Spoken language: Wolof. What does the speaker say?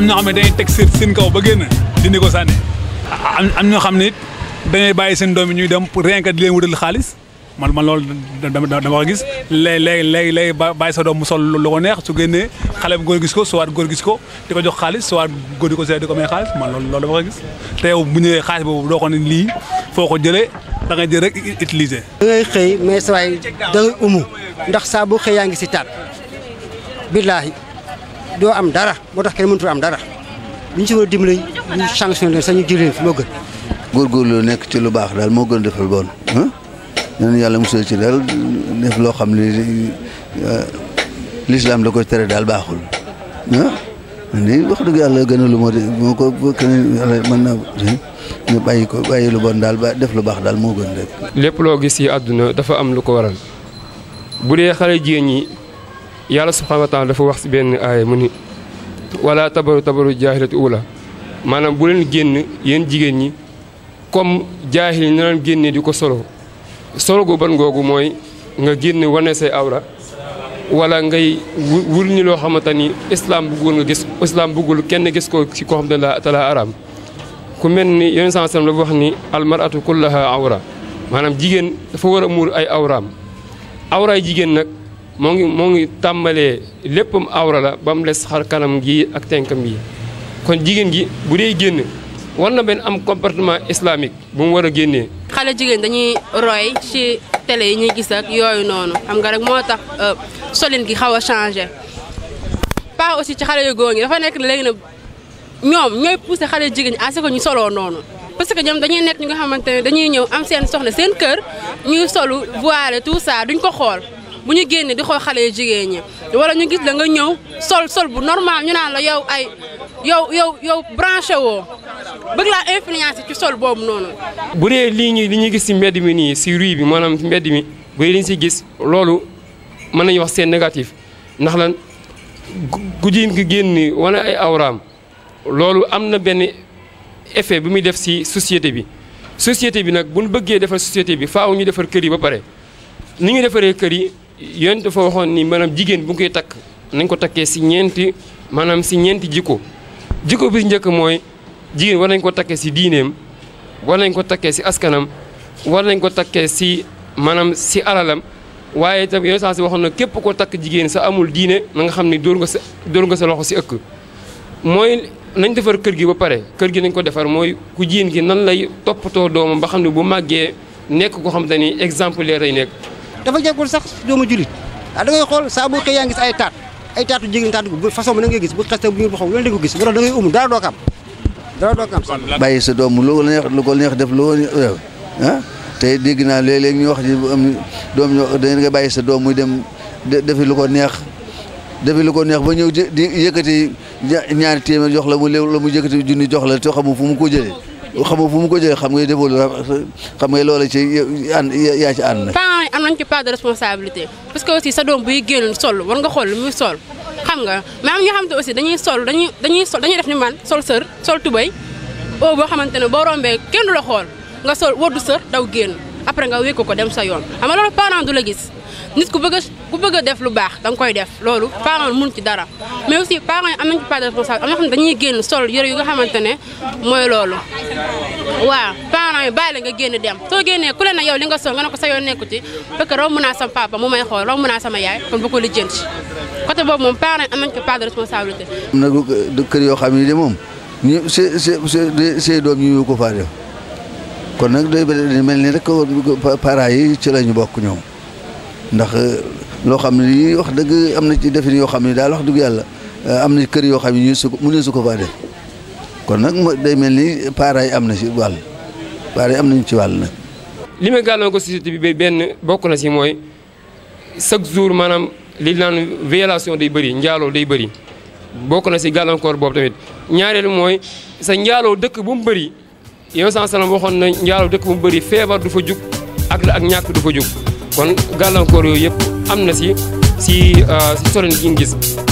am ñoo xam ne dañuy teg seen kaw ba génn dindi ko sànni am ñoo xam ne it bàyyi seen doom yi ñuy dem rien que di wutal xaalis man man loolu dama ko gis léeg-léeg léeg-léeg bàyyi sa doom mu sol lu ko neex su génnee xale bu góor gis ko soit goor gis ko di ko jox xaalis soit góor di ko seet di ko may xaalis man loolu loolu dama ko gis te yow bu ñëwee xaalis boobu doo ko ne lii foo ko jëlee da ngay jël rek utiliser. da ngay xëy mais saa waay da ngay umu ndax saa bu xëy yaa ngi si taat doo am dara moo tax kenn mëntu am dara bu ñu si war a dimbali ñu sanctionné leen sax ñu fi moo gën. góorgóorlu nekk ci lu baax daal moo gën defal bon yàlla musal ci daal def loo xam ne lislaam da ko tere daal baaxul ah wax dëgg yàlla gën a lu moo ko mën na ñu ko bàyyi lu bon daal def lu baax daal moo gën rek. lépp loo gis ci àdduna dafa am lu ko waral bu dee xale jigéen ñi yàlla subhaanahu wa taala dafa wax si benn aaya mu ni wala tabaru tabaru jaahilati ula maanaam bu leen génn yéen jigéen ñi comme jaahil yi génne di ko solo solo gu ban googu mooy nga génn wane say awra wala ngay wul ñi loo xamante ni islam bëggul nga gis islam bëggul kenn gis ko ci koo xam ne la talaa araam ku mel ni yeneen sens la wax ni almaratu kullaha awra maanaam jigéen dafa war a muur ay awraam awraay jigéen nag. moo ngi moo ngi tàmbalee léppam awra la ba mu des xar kanam gi ak tenkam yi kon jigéen ji bu dee génn war na benn am comportement islamique bu mu war a génnee. xale jigéen dañuy roy ci télé yi ñuy gis ak yooyu noonu xam nga rek moo tax euh, solin gi xaw a changé pas aussi ci xale yu góor ñi dafa nekk léegi na ñoom ñooy poussé xale jigéen ñi à ce ñu soloo noonu. parce que ñoom dañuy nekk ñu nga xamante ne dañuy ñëw am seen soxla seen kër ñuy solu voilé tout ça duñ ko xool. bu ñu génnee di xool xale yu jigéen ñi wala ñu gis la nga ñëw sol sol bu normal ñu naan la yow ay yow yow yow branché woo bëgg laa influence ci sol boobu noonu. bu dee lii ñuy li ñuy gis si mbedd mi nii si rue bi maanaam si mbedd mi bu dee li ñu si gis loolu mën nañu wax seen négatif ndax la ku jigéen gi génn wane ay awraam loolu am na benn effet bi muy def si société bi. société bi nag bu ñu bëggee defar société bi faaw ñu defar kër yi ba pare ni ñu defaree kër yi yoon dafa waxoon ni maanaam jigéen bu koy takk nañ ko takkee si ñeenti maanaam si ñeenti jikko jikko bi njëkk mooy jigéen war nañ ko takkee si diineem war nañ ko takkee si askanam war nañ ko takkee si maanaam si alalam waaye itam yenn saa si waxoon na képp ko takk jigéen sa amul diine na xam ne dóor nga sa dóor nga sa loxo si ëkk mooy nañ defar kër gi ba pare kër gi nañ ko defar mooy ku jigéen gi nan lay toppatoo doomam ba xam ne bu màggee nekk ko xam te ni exemplaire lay nekk dafa jekkul sax doomu jullit ah, da ngay xool saa xëy yaa ngi gis ay taat ay taatu jigéen taatu bu façon bi ngay gis bu xeste bu ñu bu xaw loolu da ko gis bu tax da ngay umu dara doo bàyyi sa doom lu ko neex lu ko neex def lu ah, te dégg naa léeg-léeg ñu wax ji am doom da nga bàyyi sa doom muy dem defi lu ko neex defi lu ko neex ba ñëw di yëkkati ñaari téeméer jox la mu léew la mu yëkkati junni jox la te xamu fu mu ko jëlee xamoo fu mu ko jëlee xam nga déwul xam nga loola ci an yaa ya, ci ya, ànd. Ya, parents yi am nañ ci part de responsabilité parce que aussi sa doom buy génn sol war nga xool muy sol xam nga mais am ñoo xam te aussi dañuy sol dañuy dañuy sol dañuy def ni man sol sër sol tubay boobu boo xamante ne boo rombee kenn du la xool nga sol wóor du sër daw génn après nga wékku ko dem sa yoon xam nga loolu parent du la gis nit ku bëgg ku bëgg def lu baax da nga koy def loolu parents mun ci dara mais aussi parents yi am nañ ci pas de responsable am na xam dañuy génn sol yëre yu nga xamante ne mooy loolu waa parents yi bàyyi la nga génn dem soo génnee ku le na yow li nga sol nga ne ko sa yoon nekku ci fekk raw mun naa sama papa mu may xool raw mun naa sama yaay kon bëggoo lijjéen ci côté boobu moom parents yi am nañ ci pas de responsabilité. am na kër yoo xam ne de moom ñi c' est c' est c' est doom ñu ko faa def kon nag day mel ni rek parents yi ci lañu bokk ñoom ndax loo xam ne lii wax dëgg am na ci defin yoo xam ne daal wax dëgg yàlla euh, am na kër yoo xam ne ñu su mu ne su ko faa def kon nag day mel ni parents yi am na ci wàll parents yi am nañu ci wàll nag. li ma gàllankoor si société bi benn bokk na ci mooy chaque jour maanaam li naan day bëri njaaloo day bëri bokk na ci gàllankoor boobu tamit ñaareelu mooy sa njaaloo dëkk bu mu bëri yow sànq waxoon na njaaloo dëkk bu mu bëri feebar du fa jug ak la ak ñàkk du fa jug. kon gàllankoor yooyu yëpp am na si si euh, si solen gi ñu